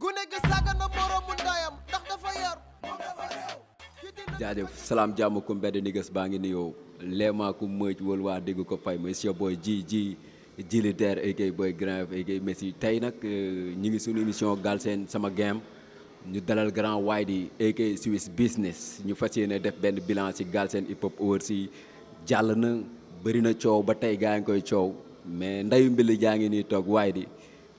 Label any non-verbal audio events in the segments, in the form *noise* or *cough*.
gune gi sàggana moroomu ndayam ndax dafa yar jaajëf salaam jàmm ku mbedd ni gës baa ngi nuyoo leema ku mëj wal waa dégg ko fay monsieur boy ji ji jili der égay boy grave égay messi tey nag euh, ñu ngi suñu émission Galsen sama game ñu dalal grand waay di égay Swiss business ñu fas yéene def benn bilan ci Galsen hip hop awards jàll na bëri na coow ba tey gaa ngi koy coow mais ndeyu mbili jaa ngi nii toog waay di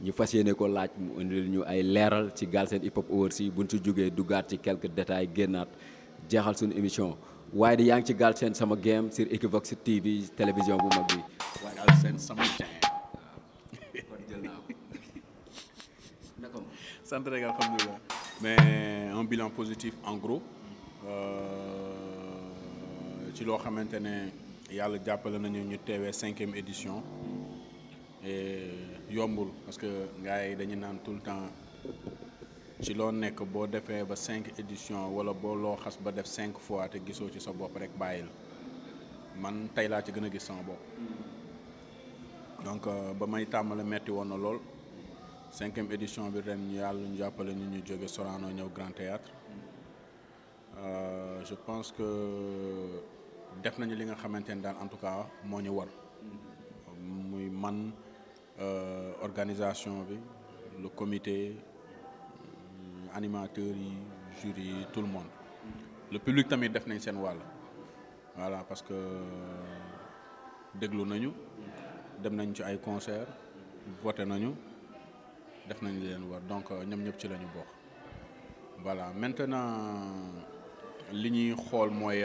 ñu fas yéene ko laaj mu indil ñu ay leeral ci Galsen Hip Hop Awards buñ ci jógee duggaat ci quelques détails génnaat jeexal suñu émission waaye di yaa ngi ci seen sama game sur Equivox TV télévision bu mag bi. waaye Galsen sama game. waaw kon jël naa ko. mais un bilan positif en gros. Euh, ci loo xamante ne yàlla jàppale nañu ñu teewee cinquième édition. yombul parce que gars yi dañu naan tout le temps ci loo nekk boo defee ba cinq édition wala boo loo xas ba def cinq fois te gisoo ci sa bopp rek bàyyi la man tey laa ci gën a gis sama bopp donc euh, ba may tàmbale metti woon na lool cinquième édition bi ren ñu yàlla ñu jàppale ñu ñu jóge soraanoo ñëw Grand Théâtre euh, je pense que def nañu li nga xamante ne daal en tout cas moo ñu war muy man Euh, organisation bi le comité euh, animateurs yi jury yi tout le monde le public tamit def nañ seen wàll voilà parce que euh, déglu nañu dem nañ ci ay concert voté nañu def nañ leen war donc ñoom ñëpp ci lañu ñu bokk voilà maintenant li ñuy xool mooy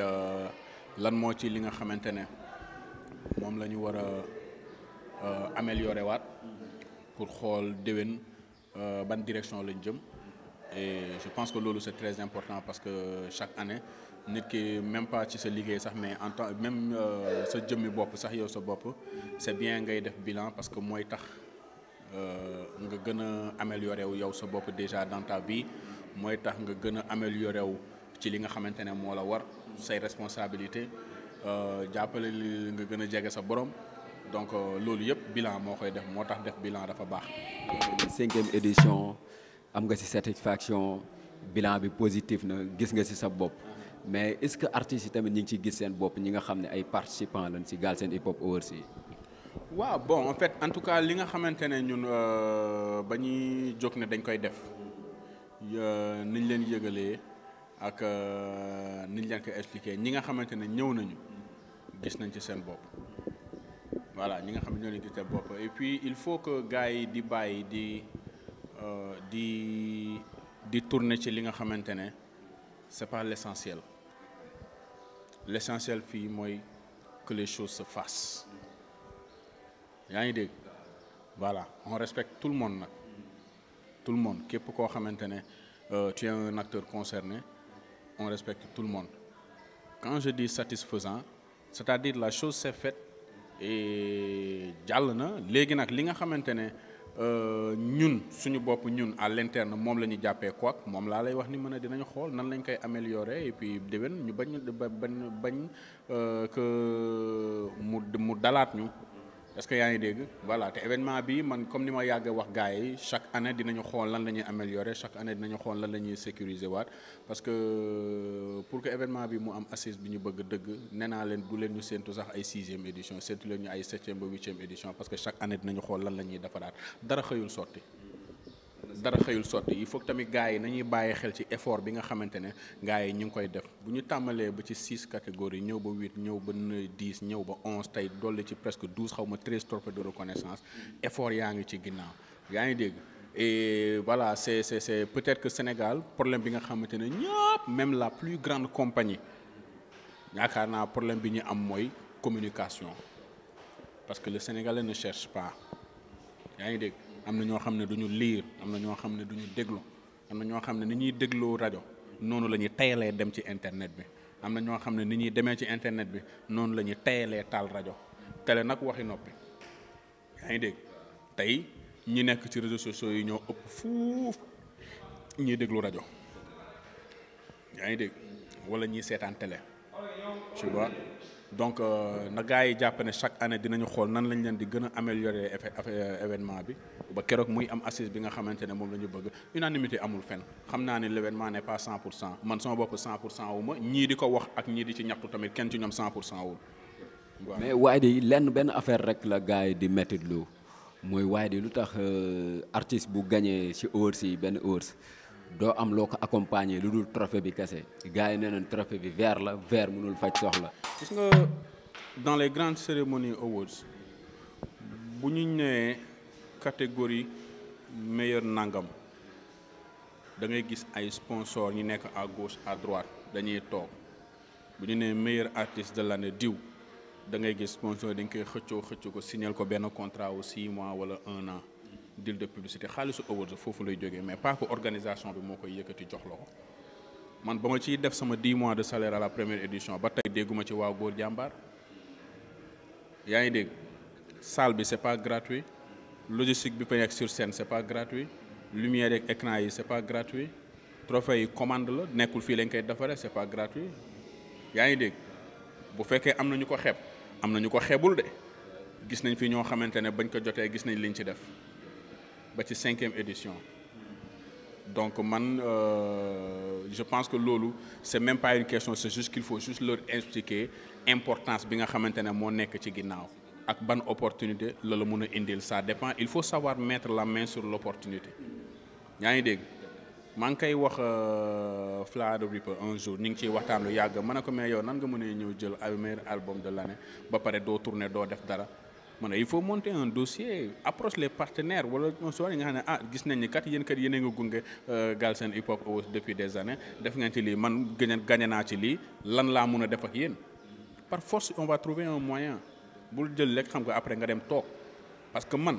lan moo ci li nga xamante ne moom la ñu Euh, amélioré waat pour xool déwén euh, ban direction lañ jëm e je pense que loolu c'est très important parce que chaque année nit ki même pas ci sa liggéey sax mais en tant même euh, sa jëmmi bopp sax yow sa bopp c'est bien ngay def bilan parce que mooy tax nga gën a améliorer wu yow sa bopp déjà dans bi mooy tax nga gën a améliorer wu ci li nga xamante ne moo la war say responsabilité jàppale li nga gën a jege sa borom donc euh, loolu yëpp bilan moo koy def moo tax def bilan dafa baax. cinquième édition am nga ci satisfaction bilan bi positif na gis nga ci sa bopp. mais est-ce que artistes yi tamit ñi ngi ciy gis seen bopp ñi nga xam ne ay participants lañ ci Galsen Hip Hop Awards yi. waaw bon en fait en tout cas li nga xamante ne ñun euh, ba ñuy jóg ne dañ koy def euh, niñ leen yëgalee ak niñ leen ko expliqué ñi nga xamante ne ñëw nañu gis nañ ci seen bopp. voilà ñi nga xam ne ñoo leen di teg bopp et il faut que gars yi di bàyyi di euh, di di tourner ci li nga xamante ne c'est pas l'essentiel l'essentiel fii mooy que les choses se fassent yaa ngi dégg voilà on respecte tout le monde nag tout le monde képp koo xamante ne euh, tu es un acteur concerné on respecte tout le monde quand je dis satisfaisant c'est-à-dire la chose s'est faite jàll na léegi nag li nga xamante ne euh, ñun suñu bopp ñun à na moom la ñu jàppee quoi moom laa lay wax ni mën a dinañu xool nan lañ koy améliorer et puis déwén ñu bañ bañ bañ euh, mu mu dalaat ñu. est-ce que yaa ngi dégg voilà te événement bi man comme ni ma yàgg wax gars yi chaque année dinañu xool lan la ñuy améliorer chaque année dinañu xool lan la ñuy sécuriser waat parce que pour que événement bi mu am assise bi ñu bëgg dëgg nee naa leen du leen ñu séentu sax ay sixième édition séentu leen ñu ay septième ba huitième édition parce que chaque année dinañu xool lan la ñuy defaraat dara xëyul sotti. dara xëyul sotti il faut tamit gars yi nañuy bàyyi xel ci effort bi nga xamante ne gars yi ñu ngi koy def bu ñu tàmbalee ba ci six catégories ñëw ba huit ñëw ba dix ñëw ba onze tey dolli ci presque douze xaw ma treize trophées de reconnaissance effort yaa ngi ci ginnaaw yaa ngi dégg. et voilà c'est c'est peut-être que Sénégal problème bi nga xamante ne ñëpp même la plus grande compagnie yaakaar naa problème bi ñu am mooy communication parce que le Sénégalais ne cherche pas yaa ngi dégg. am na ñoo xam ne du ñu liir am na ñoo xam ne du ñu déglu am na ñoo xam ne ni ñuy déglu rajo noonu la ñuy tayalee dem ci internet bi am na ñoo xam ne ni ñuy demee ci internet bi noonu la ñuy tayalee taal rajo télé nag waxi noppi yaa ngi dégg tey ñi nekk ci réseaux sociaux yi ñoo ëpp fuuf ñuy déglu rajo yaa ngi dégg walla ñiy seetaan tele donc euh, na gars yi jàpp ne chaque année dinañu xool nan lañ leen di gën a améliorer événement bi ba keroog muy am assise bi nga xamante ne moom la ñu bëgg unanimité amul fen xam naa ne l' événement n' est pas 100 pour cent man sama bopp 100 pour cent wu ñii di ko wax ak ñii di ci ñaxtu tamit kenn ci ñoom 100 pour cent wul. mais waaye lenn benn affaire rek la gars yi di métti lu mooy waaye de lu tax euh, artiste bu gañee ci awards yi benn awards doo am loo ko accompagner lu dul bi kese gars yi nee nañ bi vert la vert mënul faj soxla. gis nga dans les grandes cérémonies awards bu ñu nee catégorie meilleur nangam da gis ay sponsors ñi nekk à à droite dañuy toog bu ñu nee meilleur artiste de l'année diw da ngay gis sponsor dañ koy xëccoo xëccoo ko signal ko benn contrat wu six mois wala un an deal de publicité xaalisu awards foofu lay jóge mais pas que organisation bi moo koy yëkkati jox la ko man ba ma ciy def sama 10 mois de salaire à la première édition ba tey dégguma ci waaw góor jàmbaar yaa ngi dégg sale bi c'est pas gratuit logistique bi fa nekk sur scène c'est pas gratuit lumière yeeg écran yi c'est pas gratuit trophée yi commande la nekkul fii lañ koy defaree c'est pas gratuit yaa ngi dégg bu fekkee am na ñu ko xeeb am na ñu ko xeebul de gis nañ fi ñoo xamante ne bañ ko jotee gis nañ liñ ci def ba ci cinquième édition donc man euh, je pense que loolu c'est même pas une question c'est juste qu'il faut juste leur expliquer importance bi nga xamante ne moo nekk ci ginnaaw ak ban opportunité la la mën a indil sa dépend il faut savoir mettre la main sur l'opportunité yaa ngi dégg maa ngi koy wax euh, Fla de Ripper un jour ni ngi ciy waxtaan lu yàgg mën a ko mais yow nan nga mënee ñëw jël meilleur album de l'année ba pare doo tourner doo def dara man il faut monter en dossier approche les partenaires wala souvent yi nga xam ne ah gis nañ ni kat yéen kat yéen a ngi gunge euh, Galsen Hip Hop Awards depuis des années def ngeen ci lii man gën gagné naa ci lii lan laa mun a def ak yéen par force on va trouver un moyen bul jël rek xam nga après nga dem toog parce que man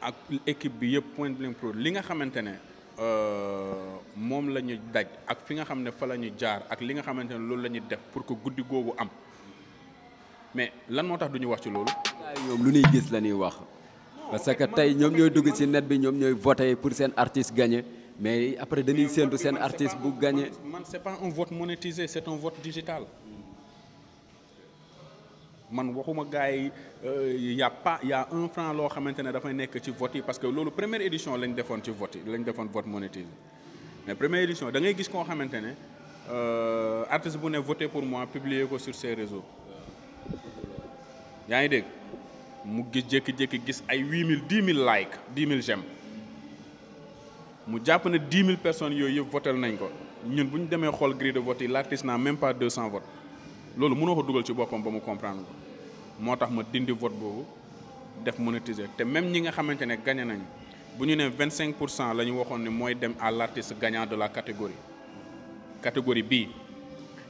ak équipe bi yëpp Point Blank Pro li nga xamante ne euh, moom la ñu daj ak fi nga xam ne fa la ñu jaar ak li nga xamante ne loolu la ñuy def pour que guddi googu am. mais lan moo tax du ñu wax ci loolu. ñoom lu ñuy gis la ñuy wax parce que tey ñoom ñooy dugg ci net bi ñoom ñooy voté pour seen artiste gagné mais après dañuy séentu seen artiste bu gagné. man c'est pas un vote monétisé c'est un vote digital. man waxuma gars yi euh, y' a a un franc loo xamante ne dafay nekk ci vote yi parce que loolu première édition lañ defoon ci vote yi lañ defoon vote monétisé mais première édition da gis koo xamante ne euh, artiste bu ne voté pour moi publier ko sur ses réseaux. yaa ngi dégg mu gis jékki-jékki gis ay huit mille dix mille like dix mille j'aime mu jàpp ne dix mille personnes yooyu yëpp votel nañ ko ñun bu ñu demee xool grille de vote yi l'artiste n'a même pas deux cent votes loolu mënoo ko dugal ci boppam ba mu comprendre ko moo tax ma dindi vote boobu def monétiser te même ñi nga xamante ne gagné nañ bu ñu nee vingt cinq pour cent la ñu waxoon ne mooy dem à l'artiste gagnant de la catégorie catégorie bii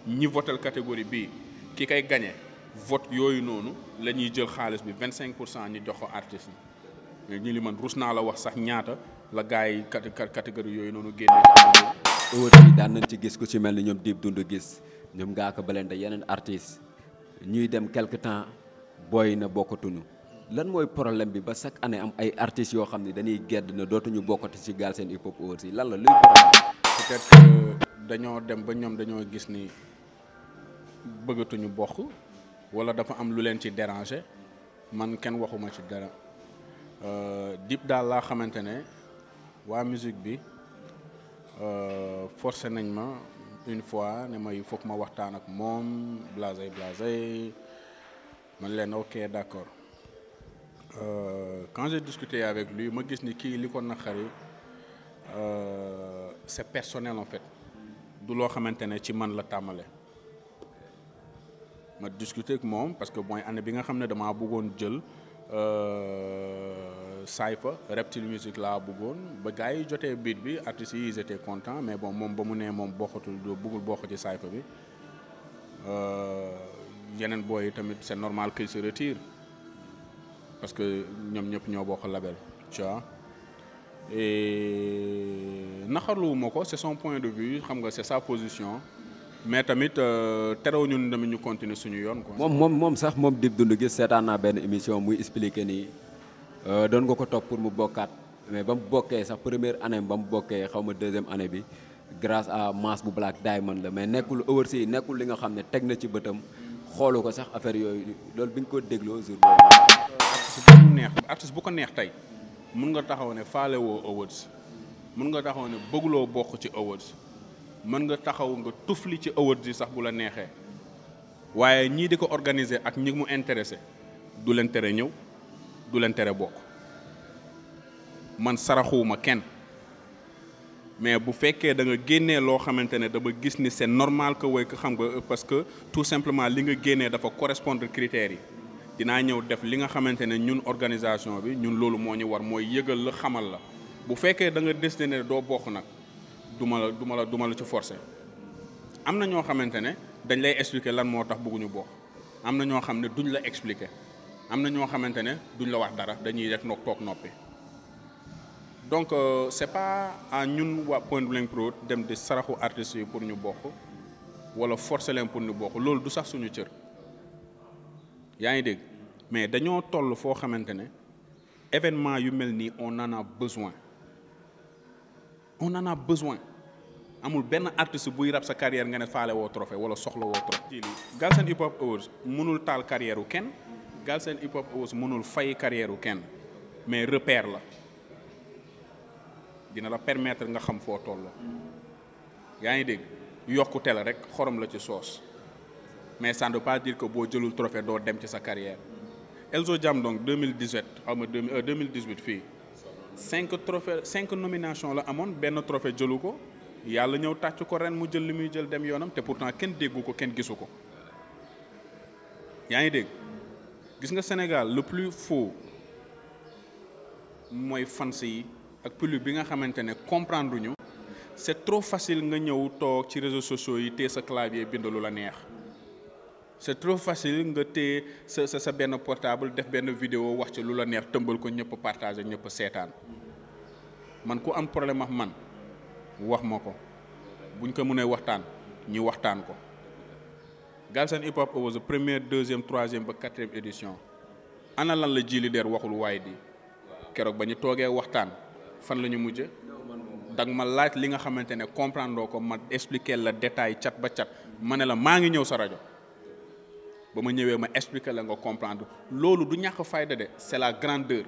ñi votel catégorie bi ki kay gagné. vote yooyu noonu la ñuy jël xaalis bi vingt cinq pour cent ñu jox ko artistes yi ñu li man rus naa la wax sax ñaata la gars yi catégorie yooyu noonu génnee ci yi daan nañ ci gis ku ci mel ni ñoom Dip dund gis ñoom ngaa ko baleen da yeneen artistes ñuy dem quelque temps booy na bokkatuñu lan mooy problème bi ba chaque année am ay artistes yoo xam ne dañuy gedd na dootuñu bokkati ci Galsen Hip Hop Awards yi lan la luy problème peut-être dañoo dem ba ñoom dañoo gis ni bëggatuñu bokk wala dafa am lu leen ci déranger man kenn waxuma ci dara euh, Dip daal laa xamante ne waa musique bi euh, forcé nañ ma une fois ne may foog ma waxtaan ak moom blasé blasé man leen ok d'accord euh, quand j'ai discuté avec lui ma gis ni kii li ko naqari c'est personnel en fait du loo xamante ne ci man la tàmbale ma discuter ak moom parce que mooy année bi nga xam ne damaa bëggoon jël Saïfa euh, Reptile Music laa bëggoon ba gars yi jotee biit bi artistes yi ils étaient contents mais bon moom ba mu nee moom bokkatul doo bëggul bokk ci Saïfa bi euh, yeneen booy yi tamit c'est normal qu'ils se retirent parce que ñoom ñëpp ñoo bokk label tu vois naxarluwuma ko c'est son point de vue xam nga c'est sa position mais tamit euh, terewul ñun tamit ñu continuer suñu yoon quoi. moom moom moom sax moom Dip Doundou gis seetaan naa benn émission muy expliquer nii euh, doon nga ko toog pour mu bokkaat mais ba mu bokkee sax première année ba mu bokkee xaw ma deuxième année bi grâce à masse bu Black Diamond la mais nekkul oversea nekkul li nga xam ne teg na ci bëtam xoolu ko sax affaire yooyu loolu bi nga ko dégloo jour artiste bu ko neex artiste bu ko neex tey mun nga taxaw ne faale woo awards mun nga taxaw ne bëgguloo bokk ci awards mën nga taxaw nga tufli ci awards yi sax bu la neexee waaye ñii di ko organiser ak ñi mu intéressé du leen tere ñëw du leen tere bokk man saraxuwuma kenn mais bu fekkee danga génnee loo xamante ne dama gis ni seen normal que way xam nga parce que tout simplement li nga génnee dafa correspondre critères yi dinaa ñëw def li nga xamante ne ñun organisation bi ñun loolu moo ñu war mooy yëgal la xamal la bu fekkee da nga décidé ne doo bokk nag du ma la du ma la du la ci forcer am na ñoo xamante ne dañ lay expliquer lan moo tax bëgguñu bokk am na ñoo xam ne duñ la expliquer am na ñoo xamante ne duñ la wax dara dañuy rek noog toog noppi donc euh, c'est pas à ñun waa Point Blank Pro dem di saraxu artistes yi pour ñu bokk wala forcer leen pour ñu bokk loolu du sax suñu cër yaa ngi dégg mais dañoo toll foo xamante ne événement yu mel nii on en a besoin on en a besoin amul benn artiste buy rap sa carrière nga ne faale woo trophée wala soxla woo trophée. Galsen Hip Hop Awards mënul taal carrière kenn Galsen Hip Hop Awards mënul fay carrière kenn mais repère la dina la permettre nga xam foo toll. yaa ngi dégg yokkute la rek xorom la ci soos mais ça ne veut pas dire que boo jëlul trophée doo dem ci sa carrière Elzo Jam donc 2017 xaw ma 2018 euh, fii cinq trophée cinq nomination la amoon benn trophée jëlu ko. yàlla ñëw tàcc ko ren mu jël li muy jël dem yoonam te pourtant kenn déggu ko kenn gisu ko yaa ngi dégg gis nga Sénégal le plus faux mooy fans yi ak public bi nga xamante ne comprendre ñu c'est trop facile nga ñëw toog ci réseau sociaux yi téye sa clavier bindalu la neex c'est trop facile nga téye sa sa sa benn portable def benn vidéo wax ci lu la neex tëmbal ko ñëpp partager ñëpp seetaan man ku am problème ak man wax ma ko buñ ko mënee waxtaan ñu waxtaan ko Galsen Hip Hop Awards première deuxième troisième ba quatrième édition ana lan la ji leader waxul waay di keroog ba ñu toogee waxtaan fan la ñu mujj dag ma laaj li nga xamante ne comprendre ko ma expliquer la détail cat ba cat ma ne la maa ngi ñëw sa rajo ba ma ñëwee ma expliquer la nga comprendre loolu du ñàkk fayda de c'est la grandeur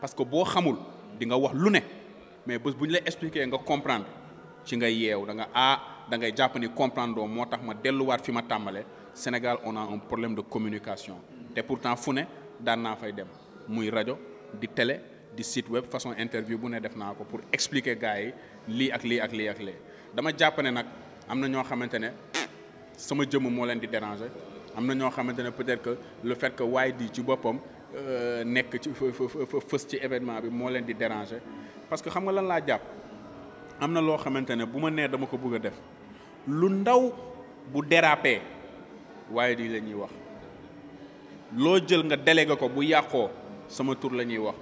parce que boo xamul di nga wax lu ne mais bés bu ñu la expliquer nga comprendre ci nga yeew da nga ah da ngay jàpp ni comprendre moo tax ma delluwaat fi ma tàmbale Sénégal on a un problème de communication te pourtant fu ne daan naa fay dem muy rajo di télé di site web façon interview bu ne def naa ko pour expliquer gars yi lii ak lii ak lii ak lii dama jàpp ne nag am na ñoo xamante ne sama jëmm moo leen di déranger am na ñoo xamante ne peut-être que le fait que waaye di ci boppam euh, nekk ci fës ci événement bi moo leen di déranger parce que xam nga lan laa jàpp. am na loo xamante ne bu ma nee dama ko bëgg a def lu ndaw bu dérapé waaye di la ñuy wax loo jël nga délégué ko bu yàqoo sama tur la ñuy wax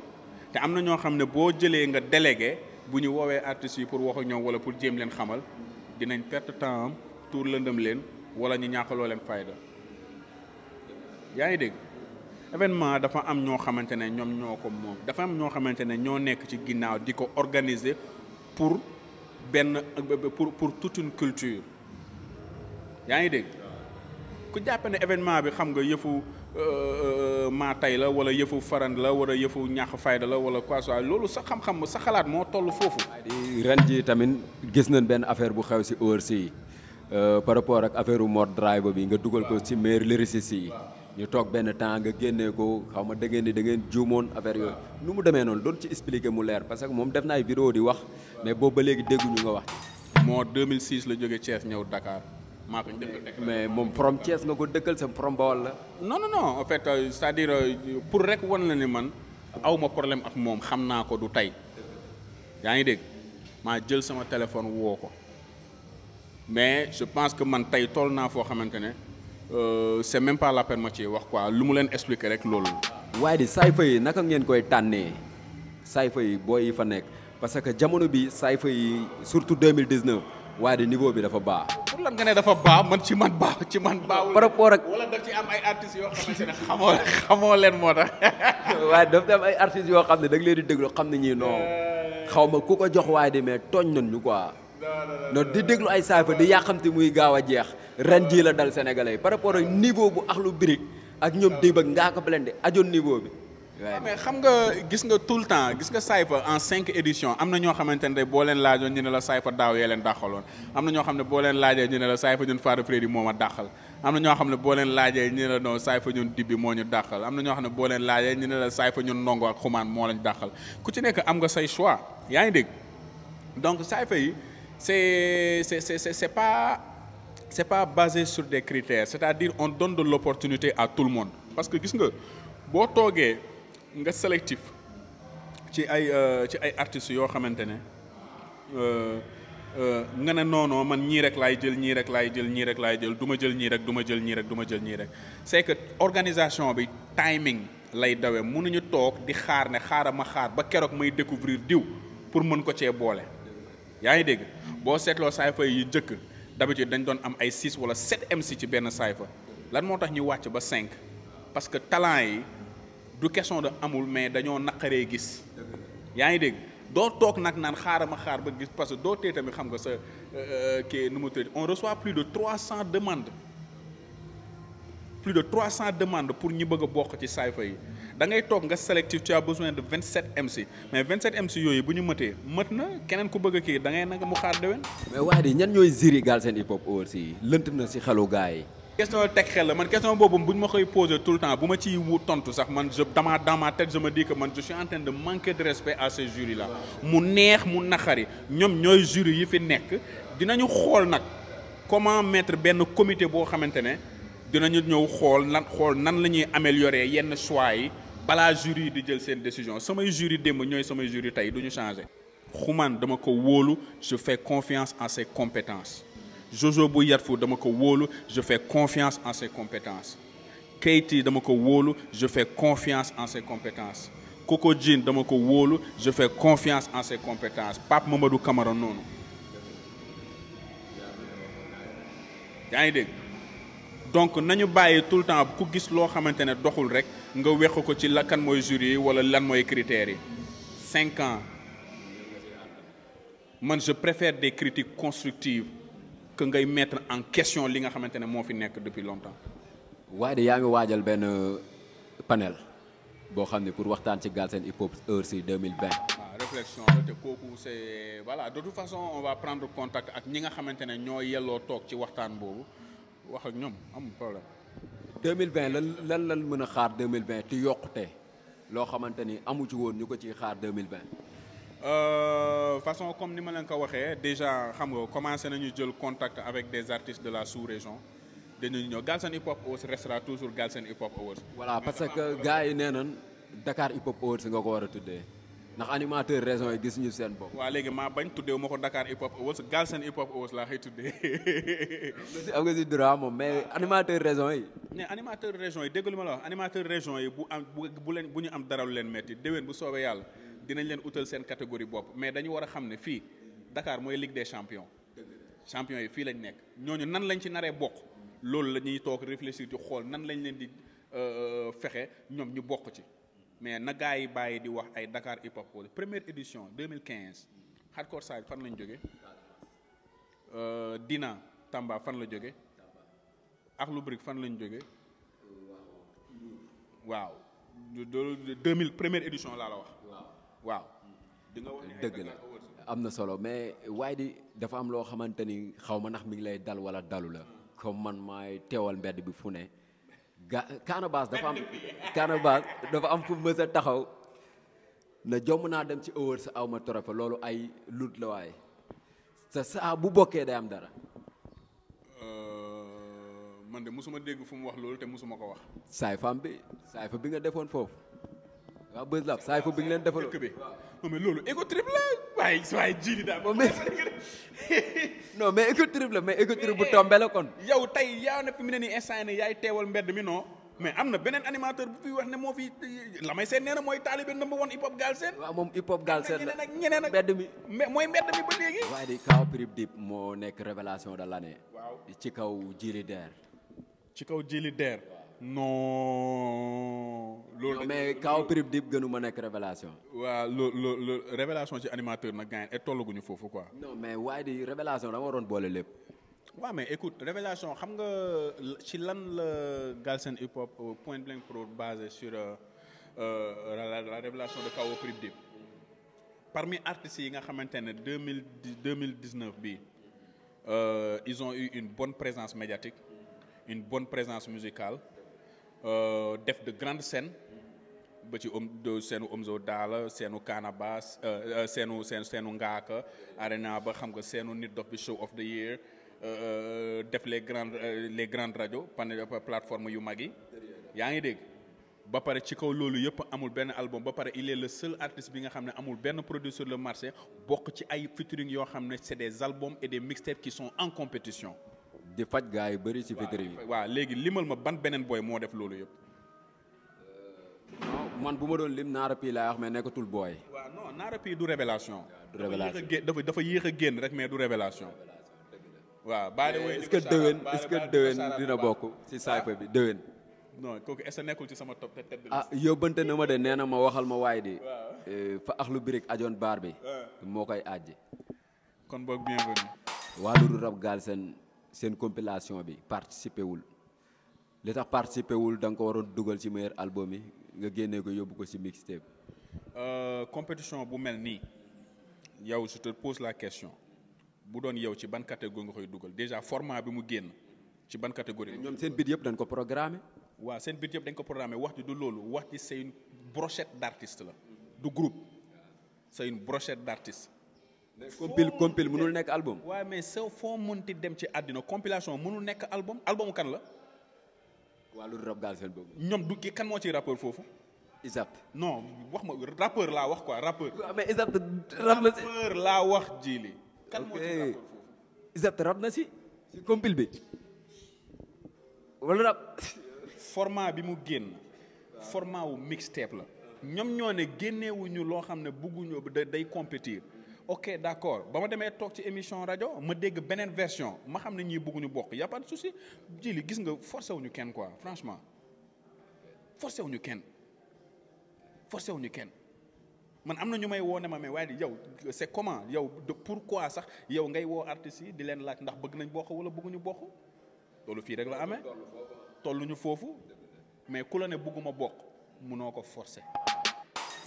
te am na ñoo xam ne boo jëlee nga délégué bu ñu woowee artistes yi pour wax ñëw ñoom wala pour jéem leen xamal dinañ perte temps am tur lëndëm leen wala ñu ñàkkaloo leen fayda yaa ngi dégg événement dafa am ñoo xamante ne ñoom ñoo ko moom dafa am ñoo xamante ne ñoo nekk ci ginnaaw di ko organiser pour benn pour pour toute une culture yaa ngi dégg ku jàppe ne événement bi xam nga yëfu euh, euh, maa tay la wala yëfu farand la wala yëfu ñàkk fayda la wala quoi loolu sa xam-xam sa xalaat moo toll foofu. ren ji tamit gis nañ benn affaire bu xew si ORC yi euh, par rapport ak affaire u Mor Drive bi nga dugal ko si maire lyriciste yi. ñu toog benn temps nga génnee ko xaw ma da da ngeen juumoon affaire yooyu lu mu demee noonu doon ci expliqué mu leer parce que moom def na ay vidéo di wax mais boobu ba léegi dégguñu nga wax ci. moo 2006 la jógee Thiès ñëw Dakar. maa mais moom from Thiès nga ko dëkkal sa from Bawol walla non non non en fait euh, dire euh, pour rek wan la ne man aw ma problème ak moom xam naa ko du tey yaa ngi dégg maa jël sama téléphone woo ko mais je pense que man tey toll naa foo xamante ne. Euh, c'est même pas ma ci wax quoi lu mu leen expliquer rek loolu. waaye di sayfa yi naka ngeen koy tànnee sayfa yi booy yi fa nekk parce que jamono bi sayfa yi surtout 2019 waaye di niveau bi dafa baax. pour lan nga ne dafa baax man ci man baax ci man baaxul. par rapport ak wala daf ci am ay artistes yoo xamante ne xamoo leen moo tax. *laughs* waaye daf ci am ay artistes yoo xam ne da leen di déglu xam ne ñii non euh. xaw ma ku ko jox waaye di mais tooñ nañ ñu quoi. non di déglu ay sayfa di yàqamti muy gaaw a jeex. ren jii la dal sénégalais yi par rapport ak niveau bu Akhlou Brick ak ñoom démb ak Ngaaka Blindé ajoon niveau bi. waaw xam nga gis nga tout le temps gis nga Saïfa en cinq éditions am na ñoo xam ne boo leen laajoon ñu ne la Saïfa daaw yee ne boo leen laajee ñu ne la Saïfa ñun Fara Freddy a dàqal am na ñoo xam ne boo leen laajee ñu ne la non Saïfa ñun dibbi moo ñu dàqal am na ñoo xam ne boo leen laajee ñu ne la Saïfa ñun ndongo ak xumaan moo lañ dàqal ku ci nekk am nga say choix yaa ngi dégg donc c'est pas basé sur des critères c'est-à-dire on donne de l'opportunité à tout le monde parce que gis nga boo toogee nga sélectif ci ay euh, ci ay artistes yoo xamante ne euh, euh, nga ne noonoo man ñii rek laay jël ñii rek laay jël ñii rek laay jël du ma jël ñii rek du ma jël ñii rek du ma jël ñii rek c'est que organisation bi timing lay dawee mënuñu toog di xaar ne xaaral ma xaar ba keroog may découvrir diw pour mën ko cee boole yaa ngi dégg boo seetloo saay fay yu njëkk d'habitude dañu doon am ay 6 wala 7 MC ci benn cypher lan moo tax ñu wàcc ba cinq parce que talent yi du question de amul mais dañoo naqaree gis yaa ngi dégg doo toog nag naan xaaral ma xaar ba gis parce que doo tee tamit xam nga sa euh, euh, kii nu mu tudd on reçoit plus de trois 300 demandes plus de 300 demande pour ñu bëgg a bokk ci cypher yi. dangay toog nga sélectif tu as besoin de 27 MC mais 27 MC yooyu bu ñu mëtee mët na keneen ku bëgg a kii da ngay nag mu xaar déwén. mais waa di ñan ñooy jury Galsen Hip Hop Awards yi lënt na si xelu gars yi. question teg xel la man question boobu bu ñu ma koy posé tout le temps bu ma ciy wu tontu sax man je dama dans ma tête je me dis que man je suis en train de manquer de respect à ces jurys là mu neex mu naxari ñoom ñooy jury yi fi nekk dinañu xool nag comment mettre benn comité boo xamante ne dinañu ñëw xool lan xool nan la ñuy améliorer yenn choix yi. balaa jury di jël seen décision samay jury démb ñooy samay jury tey du ñu changé xumaan dama ko wóolu je fais confiance en ses compétences Jojo bu Yatfu dama ko wóolu je fais confiance en ses compétences Keyti dama ko wóolu je fais confiance en ses compétences Koko Jean dama ko wóolu je fais confiance en ses compétences Pape Mamadou Camara noonu yaa ngi dégg donc nañu bàyyi tout le temps ku gis loo xamante ne doxul rek nga weq ko ci lakkan mooy jury yi wala lan mooy critères yi cinq ans man je préfère des critiques constructives que ngay mettre en question li nga xamante ne moo fi nekk depuis longtemps. waaye de yaa ngi waajal benn euh, panel boo xam ne pour waxtaan ci Galsen Hip Hop heure si 2020. Ah, réflexion la kooku c'est voilà de toute façon on va prendre contact ak ñi nga xamante ne ñoo yelloo toog ci waxtaan boobu. wax ak ñoom amul problème. 2020 lan lan lan mën a xaar 2020 ci yokkute loo xamante ni amu ci woon ñu ko ciy xaar 2020. Euh, façon comme ni ma leen ko waxee déjà xam nga commencé nañu jël contact avec des artistes de la sous-région dañuy ñëw Galsen Hip Hop Awards restera toujours Galsen Hip Hop Awards. voilà parce que gars yi nee nañ Dakar Hip Hop Awards nga ko war a tuddee. ndax animateur raison yi gis ñu seen bopp. waa léegi maa bañ tuddee ma ko Dakar hip hop awards Galsen hip hop awards laa xëy tuddee. am nga si droit moom mais animateur raison yi. mais animateur région yi dégg la wax animateur région yi bu am bu leen bu ñu am dara lu leen metti déwén bu soobee yàlla dinañ leen utal seen catégorie bopp mais dañu war a xam ne fii Dakar mooy Ligue des champions. champions yi fii lañ nekk ñooñu nan lañ ci naree bokk loolu la ñuy toog réfléchir ci xool nan lañ leen di euh, fexe ñoom ñu bokk ci. mais nagaa yi bàyyi di wax ay Dakar hip hop wala première édition 2015 hardcore side fan lañu jóge euh, Dina Tamba fan la jóge Akhlou Brick fan lañu jóge waaw de 2000 première édition laa la wax waaw di nga dëgg la am na solo mais waaye di dafa am loo xamante ni xaw ma ndax mi ngi lay dal wala dalu la hmm. comme man maay teewal mbedd bi fu ne ga Canabasse dafa am Canabasse *laughs* dafa am fu mës a taxaw na jomm naa dem ci awoor sa awma trophée loolu ay lut la waaye sa saa bu bokkee day am dara euh, man de mosuma dégg fu mu wax loolu te mosuma ko wax saay fam bi saay fa bi nga defoon foofu waaw bës la saay fa bi nga leen defaloon dëkk bi loolu égo trip la waaye waaye jiili daal moom. *laughs* non mais écotrip la mais écotrip bu tombé la kon. yow tey yaa na fi mu ne nii instant yaay teewal mbedd mi non. mais am na beneen animateur bu fi wax ne moo fi la may seen nee mooy taalibe number one hip hop Galsen. waaw moom hip hop Galsen la ak ñeneen ak mbedd mi. mooy mbedd mi ba léegi. waaye di kaw Prip Dip moo nekk révélation de ne waaw ci kaw Djily Der. ci kaw Djily Der. non. loolu mais kaw Prip Dip gënu ma nekk révélation waaw loo loo révélation ci animateur nag gars yi tollaguñu foofu quoi. mais waaye di révélation dama waroon boole lépp. waaw mais écoute révélation xam nga ci lan la Galsen Hip Hop euh, Point Blank Pro basé sur euh, euh, la révélation de kaw Prip Dip parmi artistes yi nga xamante ne deux mille deux mille dix neuf bii ils ont eu une bonne présence médiatique une bonne présence musicale. Euh, def de grandes scènes ba ci om seenu Omzo daala seenu Kanaba euh, euh, seenu seen seenu Ngaaka arena ba xam nga seenu nit dof bi show of the year def les grandes les grandes rajo panel plateforme yu mag yi yaa ngi dégg ba pare ci kaw loolu yëpp amul benn album ba pare il est le seul artiste bi nga xam ne amul benn produit le marché bokk ci ay featuring yoo xam ne c'est des albums et des mixtapes qui sont en compétition di faj gaa yu bëri ci fikiri yi. waaw léegi limal ma ban beneen booy moo def loolu yëpp. Euh, non man bu ma doon lim naara pii laa wax mais nekkatul booy. waaw pii du révélation. du dafa yéex a génn rek mais du révélation. waaw baale woy est-ce que déwén est dina bokk ci saayfa bi déwén. non kooku est-ce ci sama top tête ah, yóbbante na ma de nee na ma waxal ma waay di. Euh, fa axlu birik ajoon baar bi. moo koy àjji. kon boog bienvenue. waa Lourou Rab seen compilation bi participé wul li tax participé wul da ko waroon dugal ci meilleur album yi nga génnee ko yóbbu ko ci mixtape euh, compétition bu mel nii yow je te pose la question bu doon yow ci ban catégorie nga koy dugal déjà format bi mu génn ci ban catégorie. ñoom seen bit yëpp dañ ko programmé. waa seen bit yëpp dañ ko programmé wax ji du loolu wax ji c'est une brochette d'artistes la du groupe c'est une brochette d'artistes compil compil mënul nekk album. waaw mais soo foo mënti dem ci àddina compilation mënul nekk album albumu kan la. waaw boobu. ñoom du kii kan moo ciy rappeur foofu. Izap. non wax ma rappeur laa wax quoi rappeur. waaw mais Izap rap na laa wax jiili. kan moo ciy na si. si bi. wala rap. format bi mu génn. format wu mixtape la. ñoom ñoo ne génnewuñu loo xam ne bëgguñu day compétir. ok d'accord ba ma demee toog ci émission rajo ma dégg beneen version ma xam ne ñii bëgguñu bokk y a pas de souci li gis nga forcé wuñu kenn quoi franchement forcé wuñu kenn forcé wuñu kenn man am na ñu may woo ne ma mais waaye di yow c'est comment yow pour quoi sax yow ngay woo artistes yi di leen laaj ndax bëgg nañ bokk wala bëgguñu bokk loolu fii rek la ame tolluñu foofu mais ku la ne bëgguma bokk munoo ko forcer.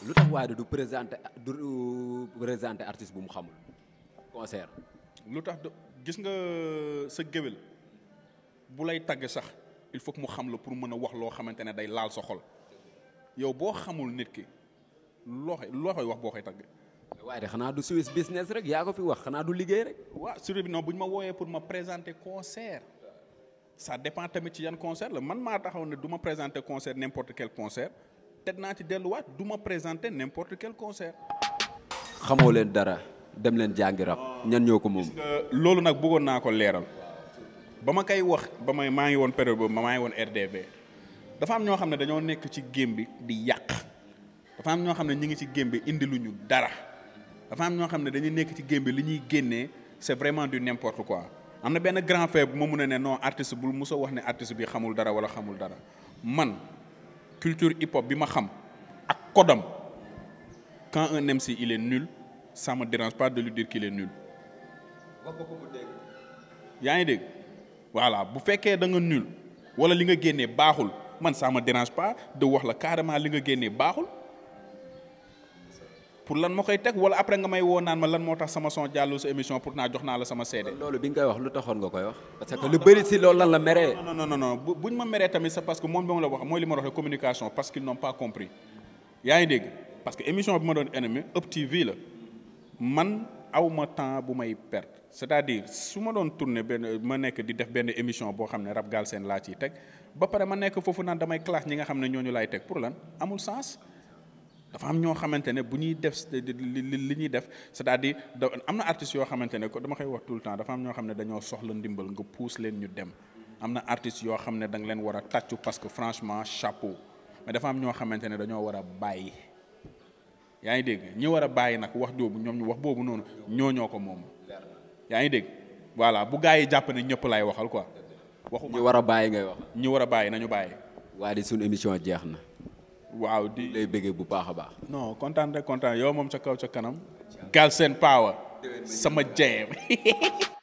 lu tax Wally du présenté du présenté artiste bu mu xamul concert. lu tax gis nga euh, sa géwél bu lay tagg sax il faut mu xam la pour mën a wax loo xamante ne day laal sa xol yow boo xamul nit ki loo koy loo koy wax boo koy tagg. waaye de xanaa du Swiss business rek yaa ko fi wax xanaa du liggéey rek. waaw surtout bi non bu ñu ma wooyee pour ma présenter concert sa dépend tamit ci yan concert la man maa taxaw ne du ma présenter concert n'importe quel concert. teg naa ci delluwaat du ma présenter n'importe quel concert. xamoo leen dara dem leen jàngi ñan ñoo ko moom. loolu nag bëggoon naa ko leeral ba ma kay wax ba may maa ngi woon période boobu ma ngi woon RDB dafa am ñoo xam ne dañoo nekk ci game bi di yàq dafa am ñoo xam ne ñu ngi ci game bi indi ñu dara dafa am ñoo xam ne dañuy nekk ci game bi li ñuy génnee c'est vraiment du n'importe quoi. am na benn grand fait bu ma mun a ne non artiste bul mos a wax ne artiste bi xamul dara wala xamul dara man. culture hip hop bi ma xam ak kodam quand un MC il est nul ça me dérange pas de lui dire qu'il est nul. yaa ngi dégg voilà bu fekkee danga nga nul wala li nga génnee baaxul man ça me dérange de wax la carrément li nga génnee baaxul. pour lan ma koy teg wala après nga may woo naan ma lan moo tax sama son jàllu sa émission pour naa jox naa la sama seede. loolu bi nga koy wax lu taxoon nga koy wax. parce que lu bëri si loolu lan la meree. non non ma meree tamit c'est parce que moom la wax mooy li ma wax communication parce qu'ils n'ont pas compris. yaa ngi dégg parce que émission bi ma doon animé Up TV la man aw temps bu may perte c'est-à-dire su ma doon tourné benn ma nekk di def benn émission boo xam ne Rap Galsen laa ciy teg ba pare ma nekk foofu naan damay classe ñi nga xam ne ñooñu laay teg pour lan amul sens. dafa am ñoo xamante ne bu ñuy def li ñuy def c'est-à-dire da am na artistes yoo xamante ne ko dama koy wax tout le temps dafa am ñoo xam ne dañoo soxla ndimbal nga puus leen ñu dem am na artistes yoo xam ne da nga leen war a tàccu parce que franchement chapeau dafa am ñoo xamante ne dañoo war a bàyyi yaa ngi dégg ñi war a bàyyi nag wax joobu ñoom ñu wax boobu noonu ñoo ñoo ko moom yaa ngi dégg voilà bu gaa yi jàpp ne ñëpp lay waxal quoi. waxuma ñi war a bàyyi ngay wax. ñi war a bàyyi nañu bàyyi. waa di suñu émission jeex na. waaw di lay bëggee bu baax a baax. non kontaan rek yow moom ca kaw ca kanam. seen Power. sama jeem *laughs*